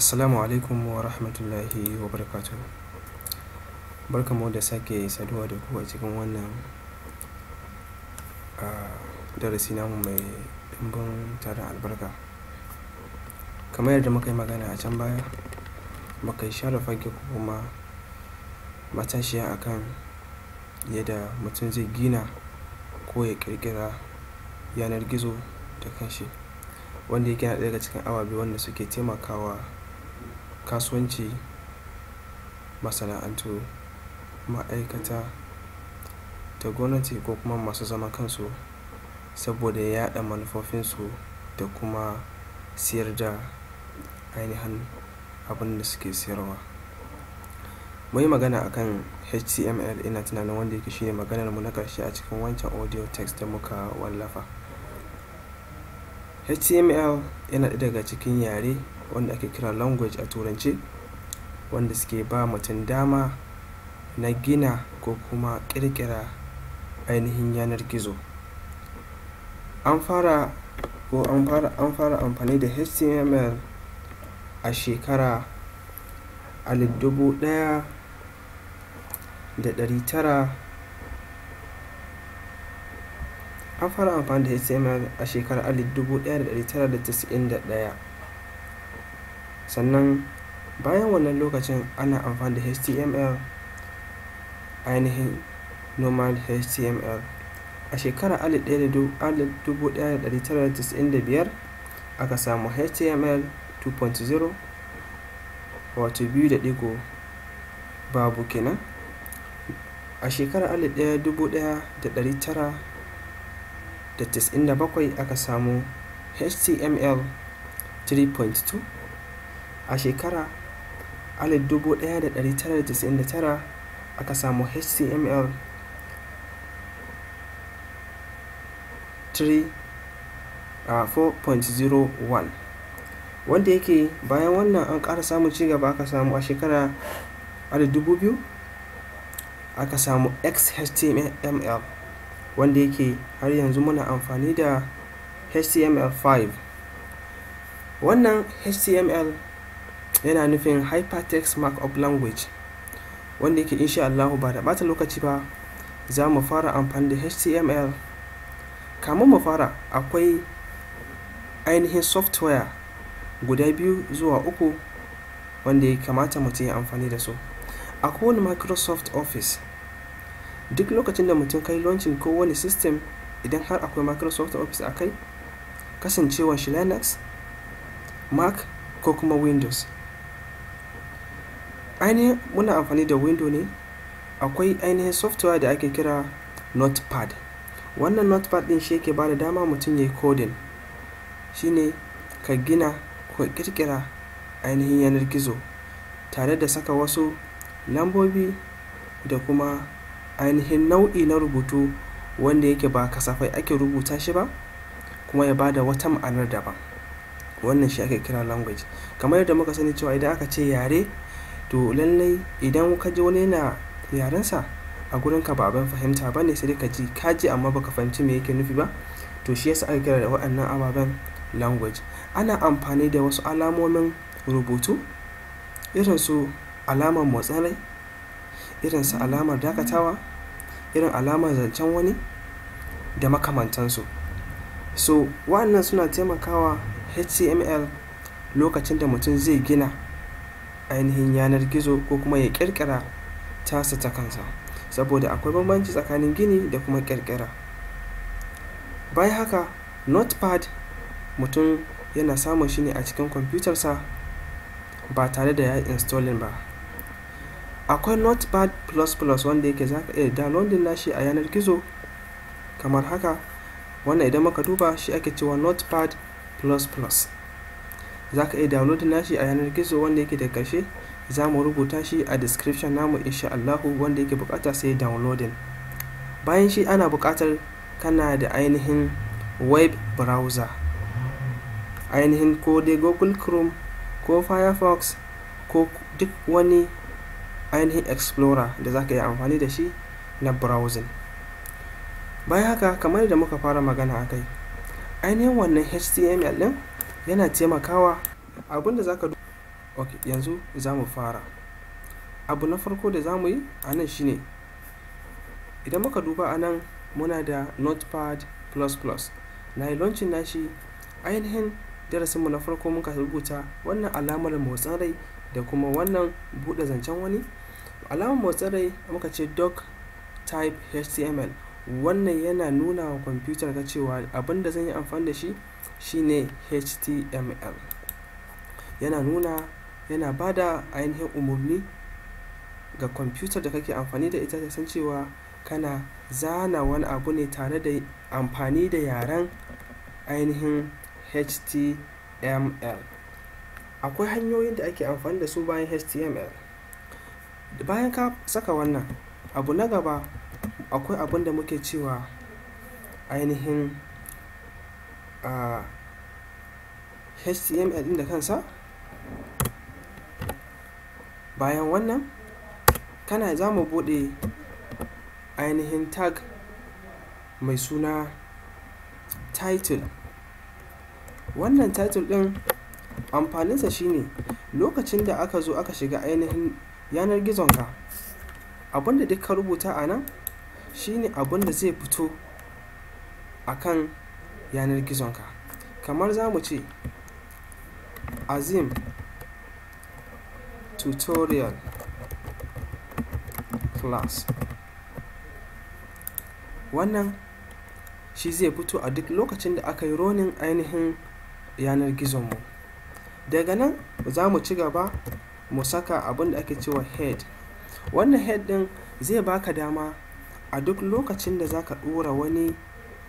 assalamu alaikum wa rahmatullahi wa barakatuhu barkamu da sake saduwa da ku cikin wannan darasi namu mai dimbin tarin albarka kamar yadda muka yi magana a can baya muka yi share fage kuma matashiya akan yadda mutum zai gina ko ya kirkira yanar gizo da kanshi wanda yake na daga cikin ababe wanda suke taimakawa kasuwanci masana'antu ma'aikata da gwamnati ko kuma masu zaman kansu saboda yada manufofinsu da kuma siyar da ainihin abin da suke siyarwa mun yi magana akan html ina tunanin wanda yake ne maganar mu na karshe a cikin wancan audio text da muka wallafa html yana daga cikin yare wanda ake kira language a turance wanda suke ba mutum dama na gina ko kuma ƙirƙira ainihin yanar gizo an fara ko an fara amfani da html a shekara alif an fara amfani da html a sannan bayan wannan lokacin ana amfani da html ainihin normal html a shekarar 1995 aka samu html 2.0 wato biyu da digo babu kenan a shekarar 1997 aka samu html 3.2 a shekara 1999 aka samu HTML 4.01 wanda yake bayan wannan an ƙara samun cigaba aka samu a shekara 2000 aka samu XHTML wanda yake har yanzu muna amfani da HTML5 wannan HTML yana nufin hypertext markup language wanda yake insha Allah ba da bata lokaci ba za mu fara amfani da html kamun mu fara akwai ainihin software guda biyu zuwa uku wanda ya kamata mutum ya amfani da su a kowane microsoft office duk lokacin da mutum kai launching ko wani system idan har akwai microsoft office a kai kasancewa shi linux mac ko kuma windows ainihin muna amfani da window ne akwai ainihin software da ake kira notepad wannan notepad din shi yake bada dama mutum ya yi coding shine ka gina ko kirkira ainihin yanar gizo tare da saka wasu lambobi da kuma ainihin nau'i na rubutu wanda yake ba kasafai ake rubuta shi ba kuma ya bada wata ma'anar daban wannan shi ake kira language kamar yadda muka sani cewa idan aka ce yare to lallai idan ka ji wani yana yarensa a gurin ka ba fahimta ba ne sai ka ji ka ji amma baka fahimci me yake nufi ba to shi yasa aka kira da waɗannan ababen language ana amfani da wasu alamomin rubutu irin su alamar motsin rai irin su alamar dakatawa irin alamar zancen wani da makamantansu so wa'annan suna taimakawa html lokacin da mutum zai gina ainihin yanar gizo ko kuma ya ƙirƙira tasa ta kansa saboda akwai bambanci tsakanin gini da kuma ƙirƙira bayan haka notepad mutum yana samun shi ne a cikin kwamfutarsa ba tare da ya yi installin ba akwai notepad++ wanda yake za ka iya downloading nashi a yanar gizo kamar haka wannan idan maka duba shi ake cewa notepad++ za ka iya na shi a yanar gizo wanda yake da karshe za mu rubuta shi a description namu insha Allahu wanda yake bukata sai downloading bayan shi ana bukatar kana da ainihin web browser ainihin ko dai google chrome ko firefox ko duk wani ainihin explorer da za ka yi amfani da shi na browsing bayan haka kamar da muka fara magana a kai ainihin wannan html din yana taimakawa abin da za ka ok yanzu za mu fara abu na farko da za mu yi a nan shine idan muka duba a nan muna da notepad++ na yi na shi. ainihin darasinmu na farko muka rubuta wannan alamar motsin rai da kuma wannan buɗe zancen wani alamar motsin rai muka ce dog type html wannan yana nuna wa kwamfutar ka cewa abin da zan yi amfani da shi shine html yana nuna yana ba da ainihin umarni ga kwamfutar da kake amfani da ita ta san cewa kana zana wani abu ne tare da amfani da yaren ainihin html akwai hanyoyin da ake amfani da su bayan html bayan ka saka wannan abu na gaba akwai abin da muke cewa ainihin a html din da kansa bayan wannan kana za mu bude ainihin tag mai suna title wannan title din amfaninsa shine lokacin da aka zo aka shiga ainihin yanar gizonka abinda duk ka rubuta a nan shine abin da zai fito a kan yanar gizonka kamar za mu ce azim tutorial class wannan shi zai fito a duk lokacin da aka yi ronin ainihin yanar gizonmu daga nan za mu ci gaba mu saka abin da ake cewa head wannan head din zai baka dama a duk lokacin da za ka ɗora wani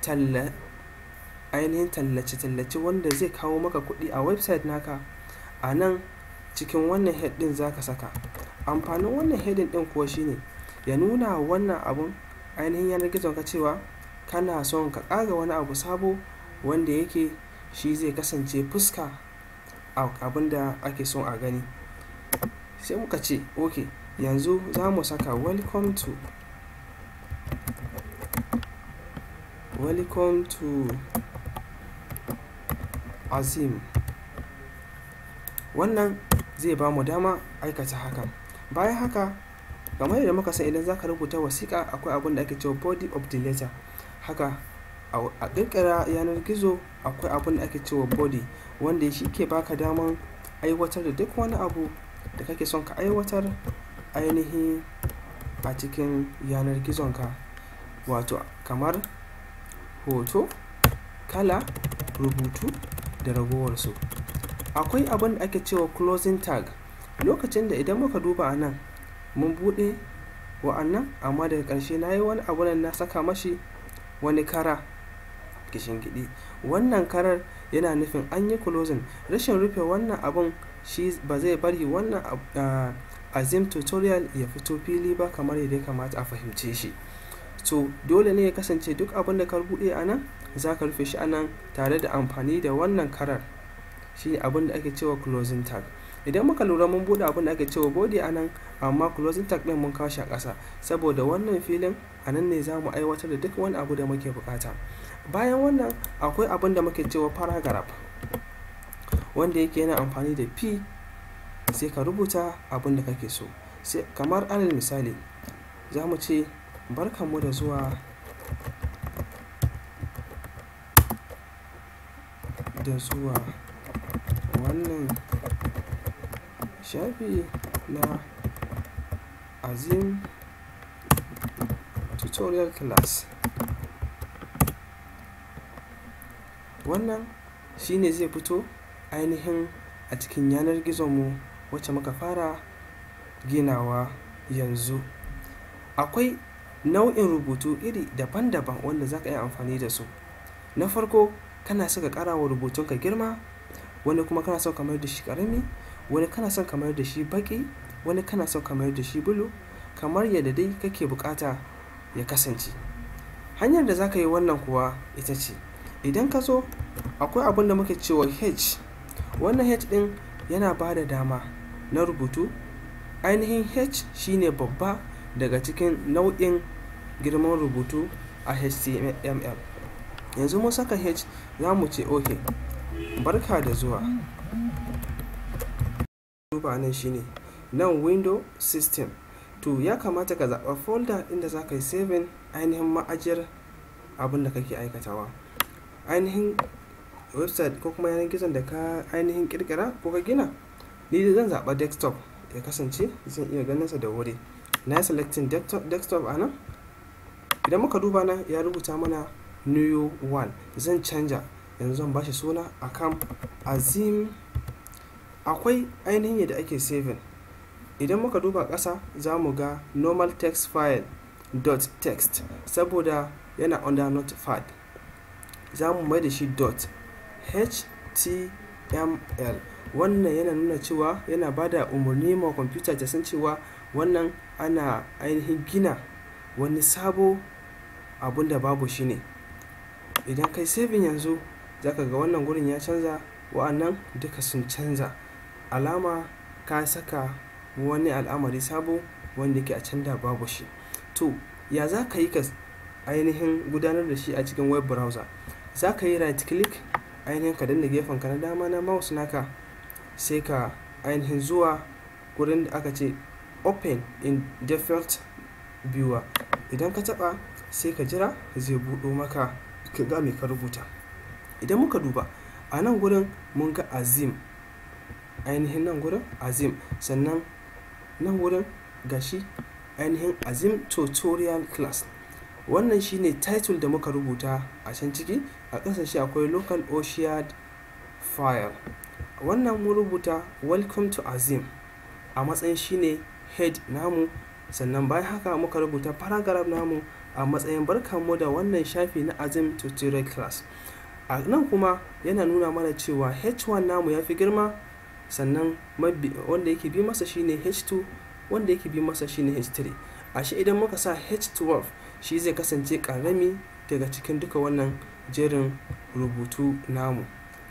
talla ainihin tallace-tallace wanda zai kawo maka kuɗi a website naka a nan cikin wannan head ɗin za ka saka amfanin wannan heading ɗin kuwa shine ya nuna wannan abun ainihin yanar gizo ka cewa kana son ka ƙara wani abu sabo wanda yake shi zai kasance fuska a abin da ake son a gani sai muka ce ok yanzu za mu saka welcome to welcome to azim wannan zai ba mu dama aikata haka bayan haka kamar yadda muka san idan zaka rubuta wasiƙa akwai abin da ake cewa body of the letter haka a ƙirƙira yanar gizo akwai abin da ake cewa body wanda shi ke baka daman aiwatar da duk wani abu da kake son ka aiwatar ainihi a cikin yanar gizonka wato kamar hoto kala rubutu da ragowarsu akwai abin da ake cewa closing tag lokacin da idan muka duba a nan mun buɗe wa'annan amma daga ƙarshe na yi wani abu na saka mashi wani kara gishingidi wannan karar yana nufin an yi closing rashin rufe wannan abun shi ba zai bari wannan ah, azim tutorial ya fito fili ba kamar yadda ya kamata a fahimce shi to dole ne ya kasance duk abin da ka rubuɗe a nan za ka rufe shi a nan tare da amfani da wannan karar shi abin da ake cewa closing tag idan muka lura mun buɗe abin da ake cewa body a nan amma closing tag ɗin mun kawo a ƙasa saboda wannan filin a nan ne za mu aiwatar da duk wani abu da muke buƙata bayan wannan akwai abin da muke cewa paragraph wanda yake yana amfani da p sai ka rubuta abin da kake so kamar alal misali za mu ce barkanmu da zuwa da zuwa wannan shafi na azim tutorial class wannan shine zai fito ainihin a cikin yanar gizonmu wacce muka fara ginawa yanzu akwai nau'in rubutu iri daban-daban wanda za ka yi amfani da su na farko kana so ka ƙara wa rubutunka girma wani kuma kana so ka mayar da shi ƙarami wani kana son kamar mayar da shi baki wani kana so ka mayar da shi bulu kamar yadda dai kake bukata ya kasance hanyar da za ka yi wannan kuwa ita ce idan ka so akwai abin da muke cewa h wannan h din yana ba da dama na rubutu ainihin h shine babba daga cikin nau'in girman rubutu a html yanzu mun saka h za mu ce ok barka da zuwa duba nan shine nan window system to ya kamata ka zaɓa folder inda za ka yi saving ainihin ma'ajiyar abin da kake aikatawa ainihin website ko kuma yanar gizon da ka ainihin kirkira ko ka gina ni da zan zaɓa desktop ya kasance zan iya ganinsa da wuri na selecting desktop a nan idan muka duba na ya rubuta mana new one zan canja yanzu zan bashi suna akan azim akwai ainihin yadda ake saving idan muka duba ƙasa za mu ga normal text file dot text saboda yana under notified za mu mai da shi dot html wannan yana nuna cewa yana bada umarni ma kwamfuta ta san cewa wannan ana ainihin gina wani sabo abun da babu shi ne idan kai saving yanzu zaka ga wannan gurin ya canza wa'annan duka sun canza alama ka saka wani al'amari sabo wanda ke a canza babu shi to ya za ka yi ka ainihin gudanar da shi a cikin web browser za ka yi right click ainihin ka danna gefen ka na dama na mouse naka sai ka ainihin zuwa gurin da aka ce open in default biyuwa idan ka taɓa sai ka jira zai buɗo maka ka ga mai ka rubuta idan muka duba a nan gurin mun ga azim ainihin nan gurin azim sannan nan gurin gashi ainihin azim tutorial class wannan shine title da muka rubuta a can ciki a ƙasa shi akwai local oshiad file wannan mun rubuta welcome to azim a matsayin shine head namu sannan bayan haka muka rubuta paragraph namu a matsayin barkanmu da wannan shafi na azim tutorial class a nan kuma yana nuna mana cewa h1 namu ya fi girma sannan wanda yake bi masa shine h2 wanda yake bi masa shine h3 ashe idan muka sa h12 shi zai kasance karami daga cikin duka wannan jerin rubutu namu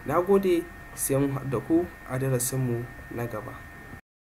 na gode siyan mu ku a darasinmu na gaba